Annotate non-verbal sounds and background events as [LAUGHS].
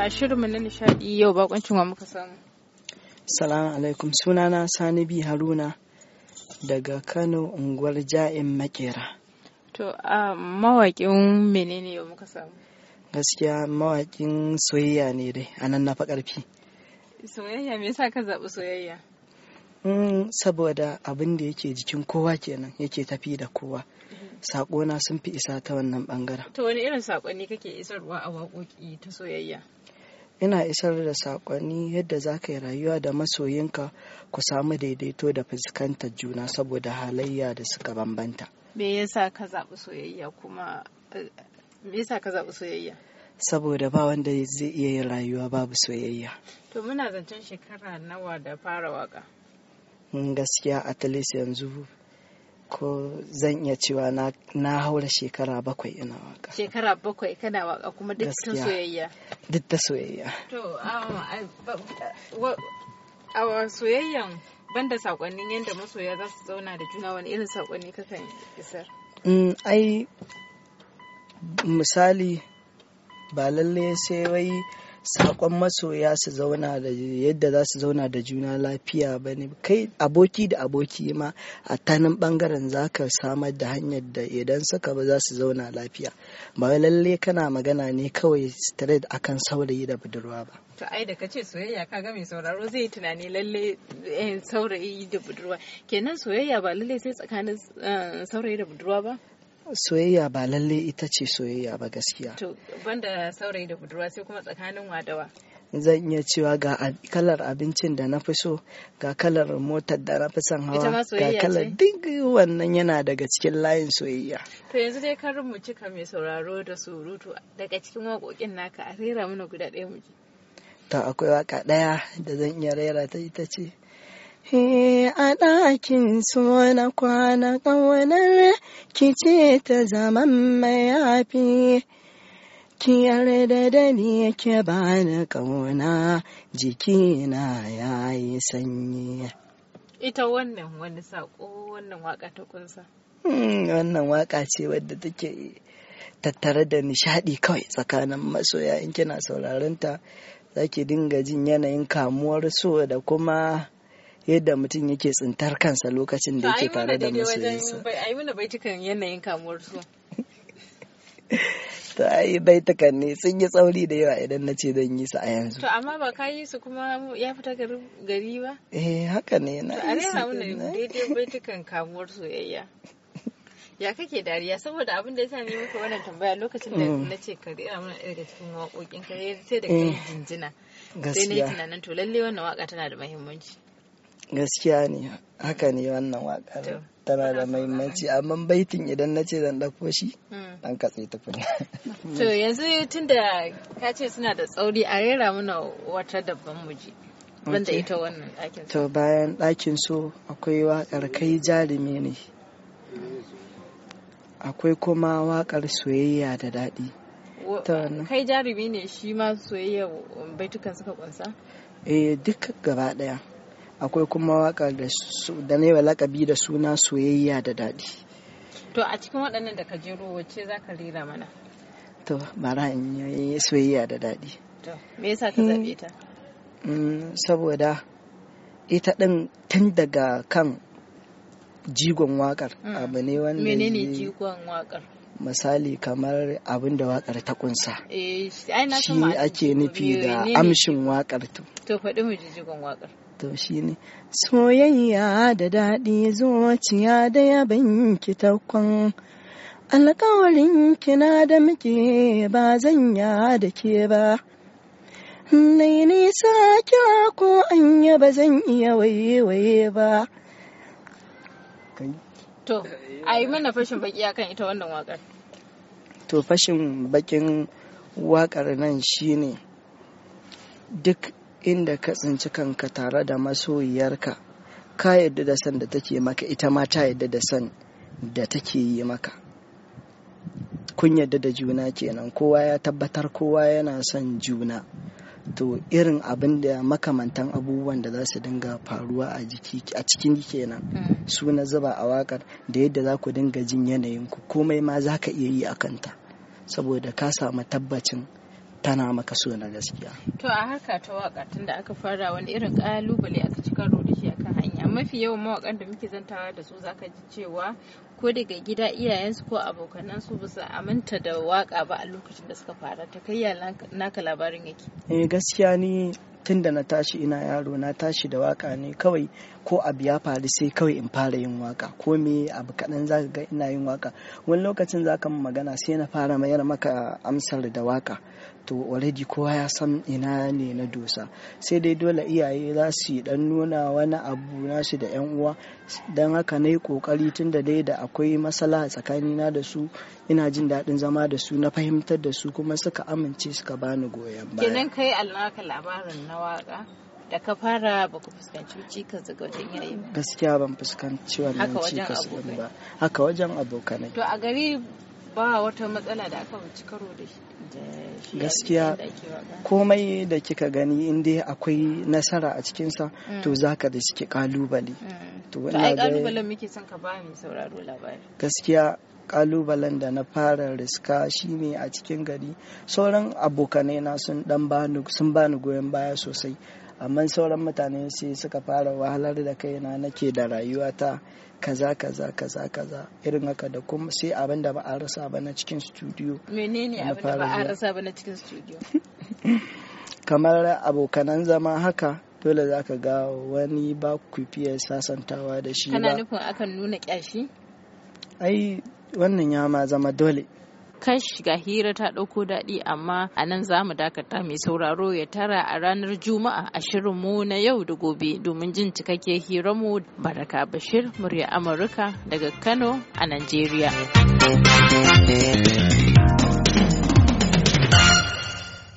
a shirinmu na nishadi yau bakoncin wa muka samu. Salamu alaikum sunana Sani bi Haruna daga Kano unguwar Ja'in Makera. To a menene yau muka samu? Gaskiya mawakin soyayya ne dai a nan na fa Soyayya me yasa ka zaɓi soyayya? Mm, saboda abin da yake jikin kowa kenan yake tafi da kowa mm-hmm. saƙona sun fi isa ta wannan bangaren to wani irin sakonni kake isarwa a waƙoƙi ta soyayya ina isar da saƙonni yadda za ka yi rayuwa da masoyinka ku samu daidaito da fuskantar juna saboda halayya da suka bambanta me yasa ka zaɓi soyayya kuma eh, me yasa ka zaɓi soyayya saboda ba wanda zai iya yin rayuwa babu soyayya to muna zancen shekara nawa da fara waka mm, gaskiya at least yanzu ko zan iya cewa na, haura shekara bakwai ina waka shekara bakwai kana waka kuma duk ta soyayya duk ta soyayya to a soyayyan banda sakonnin yadda masoya za su zauna da juna wani irin sakonni kakan isar mm, ai misali ba lalle sai wai sakon masoya su zauna da yadda za su zauna da juna lafiya ba ne kai aboki da aboki ma a tanin bangaren za ka samar da hanyar da idan suka ba za su zauna lafiya ba lalle kana magana ne kawai straight akan saurayi da budurwa ba to ai da kace soyayya ka ga mai sauraro zai tunani lalle eh, saurayi da budurwa kenan soyayya ba lalle sai tsakanin eh, saurayi da budurwa ba soyayya ba lalle ita ce soyayya ba gaskiya to banda saurayi da budurwa sai kuma tsakanin wadawa zan iya cewa ga kalar abincin da na fi so ga kalar motar da na fi son hawa ga kalar duk wannan yana daga cikin layin soyayya to yanzu dai karin mu cika mai sauraro da surutu daga cikin waƙoƙin naka a rera mana guda ɗaya mu to akwai waka ɗaya da zan iya rera ta ita ce a ɗakin so na kwana ƙaunar ki ce ta zaman mayafi. Ki yarda da ni ke bani ƙauna jikina ya yi sanyi. Ita wannan wani saƙo wannan waƙa ta kunsa. Hmm, wannan waƙa ce wadda take tattare da nishaɗi kawai tsakanin masoya in kina sauraron ta za ki dinga jin yanayin kamuwar so da kuma yadda mutum yake tsintar kansa lokacin da yake tare da masoyinsa ai mana baitukan yanayin kamuwar su [LAUGHS] to ai baitukan ne sun yi tsauri da yawa idan na ce zan yi su a yanzu to amma ba ka yi su kuma ya fita gari ba eh haka ne na yi su a rera daidai [LAUGHS] baitukan kamuwar soyayya ya kake dariya saboda abin da ya sa ni muka wannan tambaya lokacin da mm. na ce ka rera mana daga cikin waƙoƙin ka eh, sai da kai eh. jinjina sai na yi tunanin to lallai wannan waka tana da muhimmanci gaskiya ne haka ne wannan wakar tana da mahimmanci amma baitin idan na ce zan ɗauko shi hmm. an katse tukuna. [LAUGHS] to yanzu tun da ka ce suna da tsauri a rera mana wata dabban muji banda ita wannan ɗakin to bayan ɗakin so akwai wakar kai jarumi ne akwai kuma wakar soyayya da daɗi kai jarumi ne shi ma soyayya baitukan suka kunsa eh duk gaba ɗaya akwai kuma waka da na yi lakabi da suna soyayya da daɗi to a cikin waɗannan da ka jero wacce za ka rera mana to bara in yi soyayya da daɗi to me yasa ka zaɓe ta mm, saboda ita ɗin tun daga kan jigon wakar mm. abu ne wanda menene jigon wakar misali kamar abin da wakar ta kunsa eh, shi ake nufi da amshin wakar to faɗi mu jigon wakar to shi ne soyayya da daɗi zuciya da yabin ki taukon alkawarin kina da muke ba zan ya da ke ba nai nisa kira ko an yi ba zan iya waye-waye ba to a yi mana fashin baki akan ita wannan wakar to fashin bakin wakar nan shine duk inda ka tsinci kanka tare da masoyiyarka ka yadda da san da take maka ita ma ta yadda da san da take yi maka kun yadda da juna kenan kowa ya tabbatar kowa yana son juna to irin abin da makamantan abubuwan da za su dinga faruwa a cikin kenan mm. su na zuba a wakar da yadda za ku dinga jin yanayinku, komai ma za ka iya yi a kanta saboda ka samu tabbacin tana maka so na gaskiya. To a haka ta waka tun da aka fara wani irin kalubale aka ci karo da shi akan hanya. Mafi yawan mawakan da muke zantawa da su zaka ji cewa ko daga gida iyayensu ko abokanansu ba su aminta da waka ba a lokacin da suka fara ta kai naka labarin yake. Eh gaskiya ni tun da na tashi ina yaro na tashi da waka ne kawai ko abu ya faru sai kawai in fara yin waka ko me abu kaɗan za ga ina yin waka wani lokacin za ka magana sai na fara mayar maka amsar da waka to already kowa ya san ina ne na dosa sai dai dole iyaye za su yi dan nuna wani abu nasu da yan uwa don haka na yi kokari tun da dai da akwai masala tsakanina da su ina jin daɗin zama da su na fahimtar da su kuma suka amince suka bani goyon baya kenan kai alaka labarin na na waka da ka fara ba ku fuskanci cikas daga wajen yayi ba gaskiya ban fuskanci wannan cikas din ba haka wajen abokanai to a gari ba wata matsala da aka wuce karo da shi gaskiya komai da kika gani in dai akwai nasara a cikinsa mm. to za ka da suke kalubale mm. to ai kalubalen muke labari gaskiya kalubalen da na fara riska shi ne a cikin gari sauran abokanai na sun dan bani sun bani goyon baya sosai amma sauran mutane sai suka fara wahalar da kaina nake da rayuwata kaza kaza kaza kaza irin haka da kuma sai abin da ba a rasa ba na cikin studio menene abin da ba a rasa ba na cikin studio [LAUGHS] kamar abokanan zama haka dole za ka ga wani ba ku fiye sasantawa da shi ba kana nufin akan nuna kyashi ai wannan ya ma zama dole kash ga hira ta ɗauko daɗi amma a nan za mu dakata mai sauraro ya tara a ranar juma'a a mu na yau da gobe domin jin cikakke hiranmu baraka bashir murya amurka daga kano a najeriya